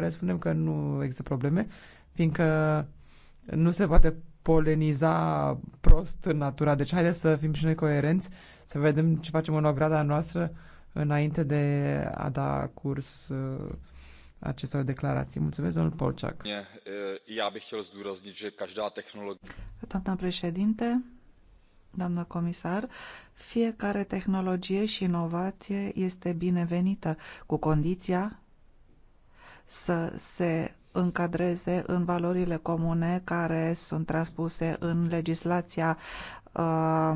care spunem că nu există probleme, fiindcă nu se poate poleniza prost în natura. Deci haideți să fim și noi coerenți, să vedem ce facem în ograda noastră înainte de a da curs uh, acestor declarații. Mulțumesc, domnul Polciac. Já uh, bych chtěl zdůraznit, že každá technologie... Doamna președinte, doamna comisar, fiecare tehnologie și inovație este binevenită, cu condiția să se încadreze în valorile comune care sunt transpuse în legislația uh,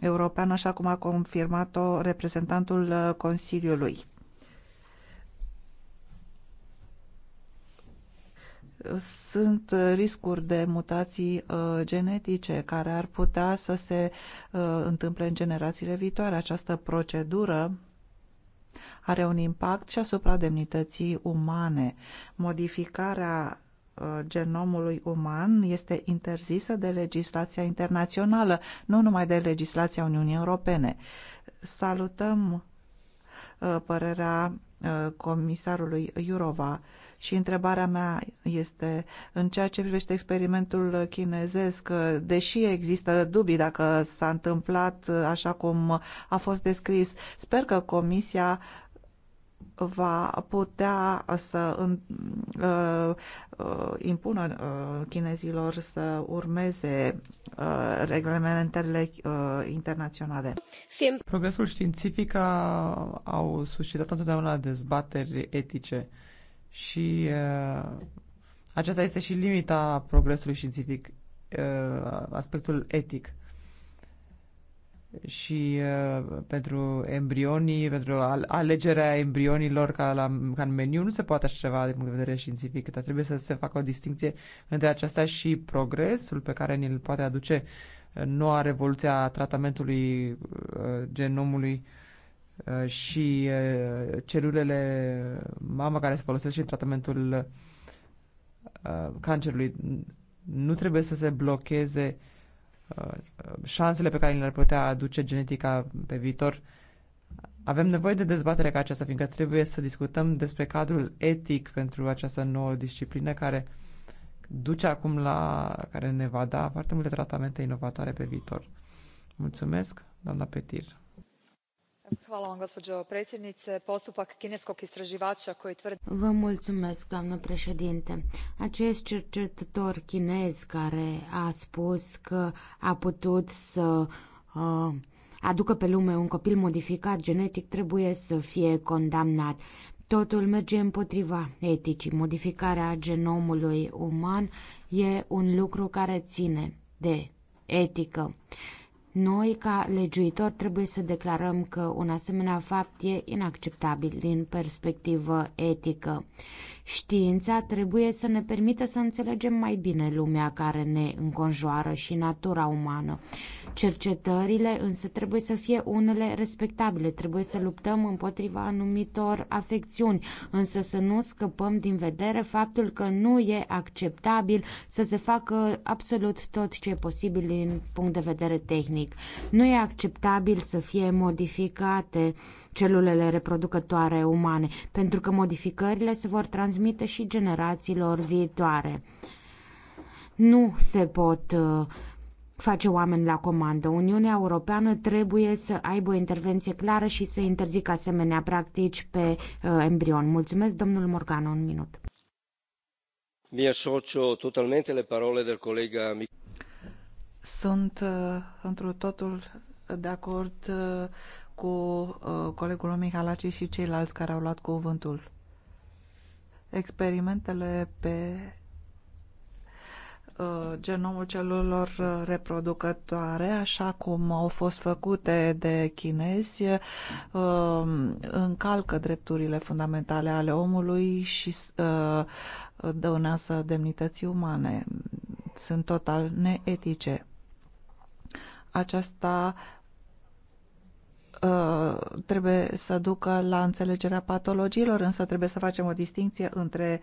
europeană, așa cum a confirmat-o reprezentantul uh, Consiliului. sunt riscuri de mutații uh, genetice care ar putea să se uh, întâmple în generațiile viitoare. Această procedură are un impact și asupra demnității umane. Modificarea uh, genomului uman este interzisă de legislația internațională, nu numai de legislația Uniunii Europene. Salutăm uh, părerea uh, comisarului Iurova și întrebarea mea este, în ceea ce privește experimentul chinezesc, deși există dubii dacă s-a întâmplat așa cum a fost descris, sper că Comisia va putea să uh, uh, impună uh, chinezilor să urmeze uh, reglementările uh, internaționale. Sim. Progresul științific a, au suscitat întotdeauna dezbateri etice și uh, aceasta este și limita progresului științific, uh, aspectul etic. Și uh, pentru embrionii, pentru alegerea embrionilor ca, la, ca în meniu, nu se poate așa ceva din punct de vedere științific, dar trebuie să se facă o distinție între aceasta și progresul pe care ni-l poate aduce noua revoluție a tratamentului uh, genomului uh, Uh, și uh, celulele mama care se folosesc și în tratamentul uh, cancerului nu trebuie să se blocheze șansele pe care le-ar putea aduce genetica pe viitor. Avem nevoie de dezbatere ca aceasta, fiindcă trebuie să discutăm despre cadrul etic pentru această nouă disciplină care duce acum la, care ne va da foarte multe tratamente inovatoare pe viitor. Mulțumesc, doamna Petir. Vă mulțumesc, doamnă președinte. Acest cercetător chinez care a spus că a putut să uh, aducă pe lume un copil modificat genetic trebuie să fie condamnat. Totul merge împotriva eticii. Modificarea genomului uman e un lucru care ține de etică. Noi, ca legiuitor, trebuie să declarăm că un asemenea fapt e inacceptabil din perspectivă etică. Știința trebuie să ne permită să înțelegem mai bine lumea care ne înconjoară și natura umană. Cercetările însă trebuie să fie unele respectabile, trebuie să luptăm împotriva anumitor afecțiuni, însă să nu scăpăm din vedere faptul că nu e acceptabil să se facă absolut tot ce e posibil din punct de vedere tehnic organic. Nu e acceptabil să fie modificate celulele reproducătoare umane, pentru că modificările se vor transmite și generațiilor viitoare. Nu se pot uh, face oameni la comandă. Uniunea Europeană trebuie să aibă o intervenție clară și să interzică asemenea practici pe uh, embrion. Mulțumesc, domnul Morgan un minut. Mi asocio totalmente le parole del collega sunt uh, întru totul de acord uh, cu uh, colegul Mihalaci și ceilalți care au luat cuvântul. Experimentele pe uh, genomul celulor reproducătoare, așa cum au fost făcute de chinezi, uh, încalcă drepturile fundamentale ale omului și uh, dăunează demnității umane. Sunt total neetice aceasta uh, trebuie să ducă la înțelegerea patologiilor, însă trebuie să facem o distinție între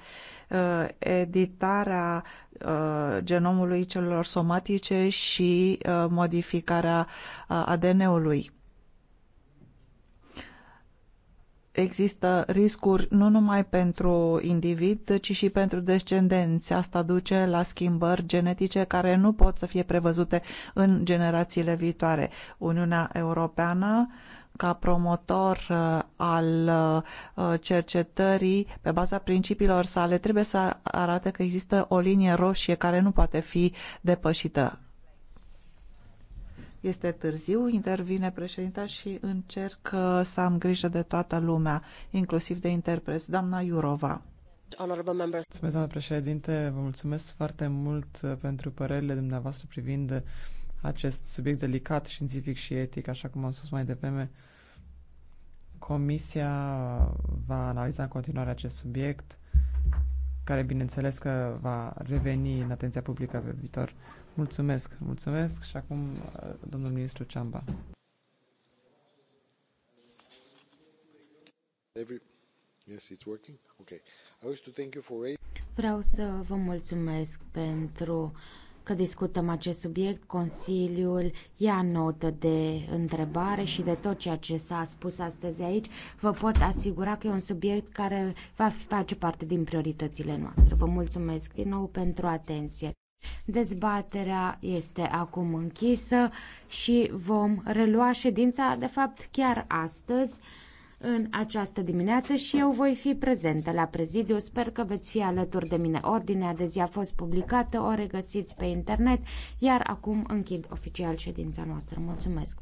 uh, editarea uh, genomului celor somatice și uh, modificarea uh, ADN-ului. există riscuri nu numai pentru individ, ci și pentru descendenți. Asta duce la schimbări genetice care nu pot să fie prevăzute în generațiile viitoare. Uniunea Europeană ca promotor uh, al uh, cercetării pe baza principiilor sale trebuie să arate că există o linie roșie care nu poate fi depășită este târziu, intervine președinta și încerc uh, să am grijă de toată lumea, inclusiv de interpreți. Doamna Iurova. Mulțumesc, doamna președinte, vă mulțumesc foarte mult uh, pentru părerile dumneavoastră privind uh, acest subiect delicat, științific și etic, așa cum am spus mai devreme. Comisia va analiza în continuare acest subiect care bineînțeles că va reveni în atenția publică pe viitor. Mulțumesc, mulțumesc și acum uh, domnul ministru Ciamba. Every... Yes, it's working? Okay. I wish to thank you for... Vreau să vă mulțumesc pentru uh, că discutăm acest subiect. Consiliul ia notă de întrebare și de tot ceea ce s-a spus astăzi aici. Vă pot asigura că e un subiect care va face parte din prioritățile noastre. Vă mulțumesc din nou pentru atenție. Dezbaterea este acum închisă și vom relua ședința, de fapt, chiar astăzi în această dimineață și eu voi fi prezentă la prezidiu. Sper că veți fi alături de mine. Ordinea de zi a fost publicată, o regăsiți pe internet, iar acum închid oficial ședința noastră. Mulțumesc!